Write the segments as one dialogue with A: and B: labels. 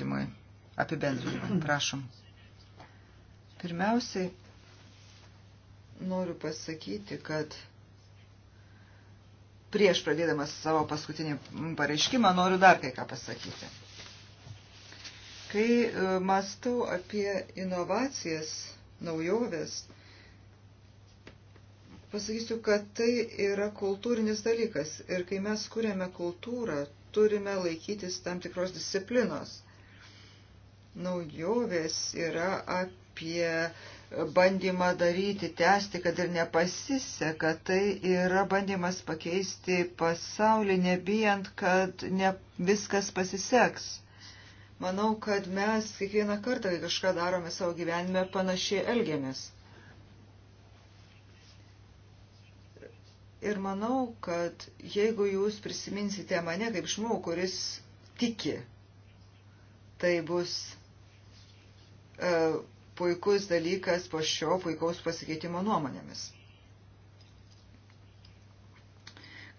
A: atsakymui, apibendrinimui. Prašom. Pirmiausiai noriu pasakyti, kad prieš pradėdamas savo paskutinį pareiškimą noriu dar kai ką pasakyti. Kai e, mastau apie inovacijas, naujovės, pasakysiu, kad tai yra kultūrinis dalykas ir kai mes kuriame kultūrą, turime laikytis tam tikros disciplinos – naujovės yra apie bandymą daryti, tęsti, kad ir nepasiseka. Tai yra bandymas pakeisti pasaulį, nebijant, kad ne viskas pasiseks. Manau, kad mes kiekvieną kartą, kai kažką darome savo gyvenime, panašiai elgiamės. Ir manau, kad jeigu jūs prisiminsite mane kaip žmogų, kuris tiki, tai bus E, puikus dalykas po šio puikaus pasikeitimo nuomonėmis.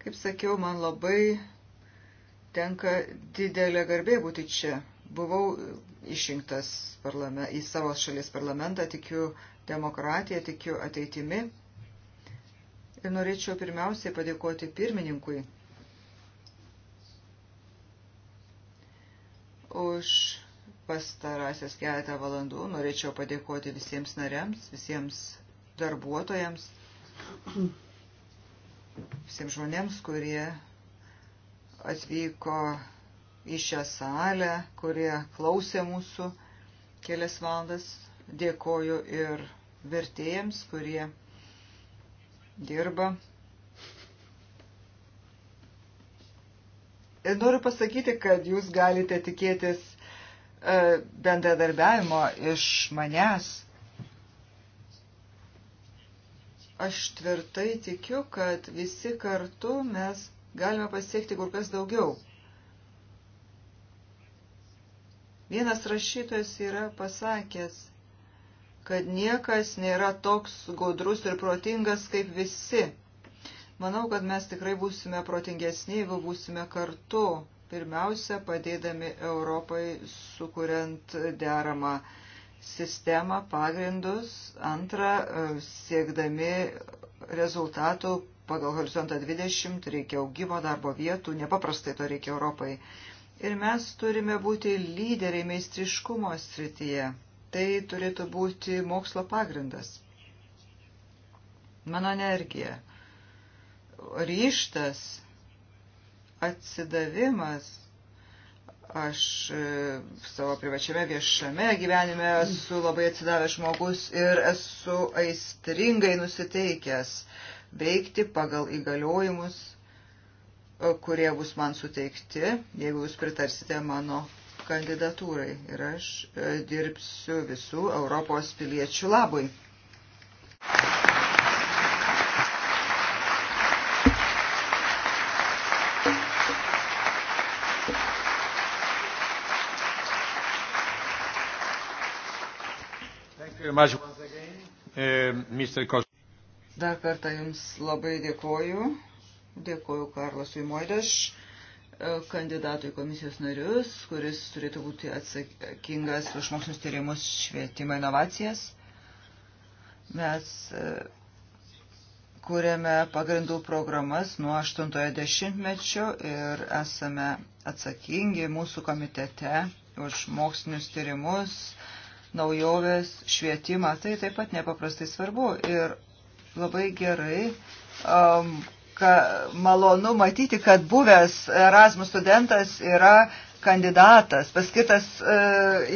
A: Kaip sakiau, man labai tenka didelė garbė būti čia. Buvau išrinktas į savo šalies parlamentą, tikiu demokratiją, tikiu ateitimi. Ir norėčiau pirmiausiai padėkoti pirmininkui už pastarąsias keletą valandų. Norėčiau padėkoti visiems nariams, visiems darbuotojams, visiems žmonėms, kurie atvyko į šią salę, kurie klausė mūsų kelias valandas. Dėkoju ir vertėjams, kurie dirba. Ir noriu pasakyti, kad jūs galite tikėtis E, bendradarbiavimo iš manęs. Aš tvirtai tikiu, kad visi kartu mes galime pasiekti kur kas daugiau. Vienas rašytojas yra pasakęs, kad niekas nėra toks godrus ir protingas kaip visi. Manau, kad mes tikrai būsime protingesni, jeigu būsime kartu Pirmiausia, padėdami Europai sukuriant deramą sistemą, pagrindus. Antra, siekdami rezultatų pagal horizontą 20 reikia augimo darbo vietų, nepaprastai to reikia Europai. Ir mes turime būti lyderiai meistriškumo srityje. Tai turėtų būti mokslo pagrindas. Mano energija, ryštas atsidavimas. Aš e, savo privačiame viešame gyvenime esu labai atsidavęs žmogus ir esu aistringai nusiteikęs veikti pagal įgaliojimus, e, kurie bus man suteikti, jeigu jūs pritarsite mano kandidatūrai. Ir aš e, dirbsiu visų Europos piliečių labui. E, Dar kartą Jums labai dėkoju. Dėkoju Karlosui Moideš, e, kandidatui komisijos narius, kuris turėtų būti atsakingas už mokslinius tyrimus, švietimą, inovacijas. Mes e, kūrėme pagrindų programas nuo 80-mečio ir esame atsakingi mūsų komitete už mokslinius tyrimus, naujoves, švietimą. Tai taip pat nepaprastai svarbu ir labai gerai. Um, ka, malonu matyti, kad buvęs Erasmus studentas yra kandidatas, paskirtas e,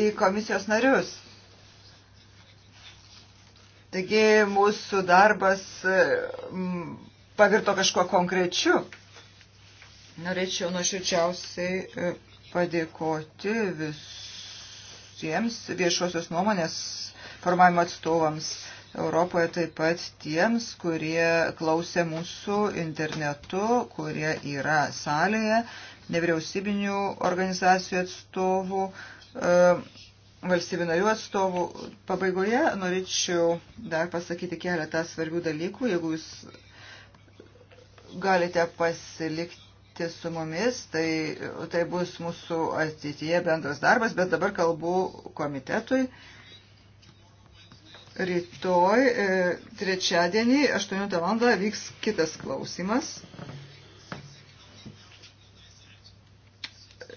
A: į komisijos narius. Taigi mūsų darbas e, m, pavirto kažkuo konkrečiu. Norėčiau nuoširdžiausiai e, padėkoti visų tiems viešosios nuomonės formavimo atstovams Europoje, taip pat tiems, kurie klausė mūsų internetu, kurie yra salėje, nevyriausybinių organizacijų atstovų, e, valstybių narių atstovų. Pabaigoje norėčiau dar pasakyti keletą svarbių dalykų, jeigu jūs galite pasilikti dirbti su mumis, tai, tai bus mūsų ateityje bendras darbas, bet dabar kalbu komitetui. Rytoj, e, trečiadienį, 8 val. vyks kitas klausimas.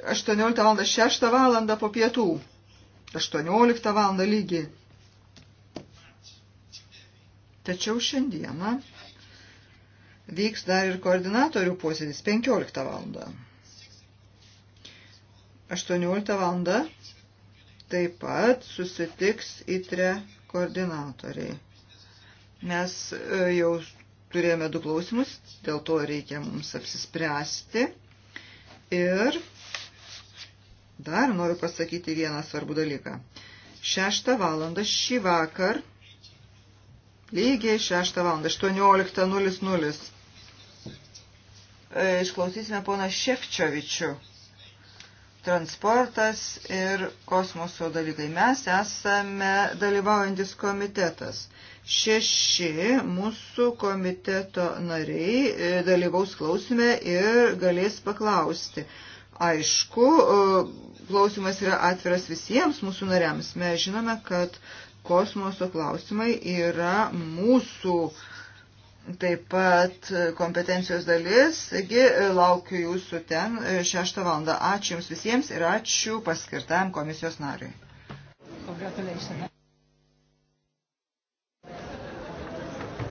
A: 18 val. 6 val. po pietų. 18 val. lygiai. Tačiau šiandieną vyks dar ir koordinatorių posėdis 15 val. 18 val. taip pat susitiks įtre koordinatoriai. Mes e, jau turėjome du klausimus, dėl to reikia mums apsispręsti. Ir dar noriu pasakyti vieną svarbų dalyką. 6 val. šį vakar, lygiai 6 val. 18.00 E, išklausysime pono Šefčiovičių. Transportas ir kosmoso dalykai. Mes esame dalyvaujantis komitetas. Šeši mūsų komiteto nariai e, dalyvaus klausime ir galės paklausti. Aišku, e, klausimas yra atviras visiems mūsų nariams. Mes žinome, kad kosmoso klausimai yra mūsų uh, taip pat kompetencijos dalis. Taigi laukiu jūsų ten 6 e, val. Ačiū Jums visiems ir ačiū paskirtam komisijos nariui. Congratulations.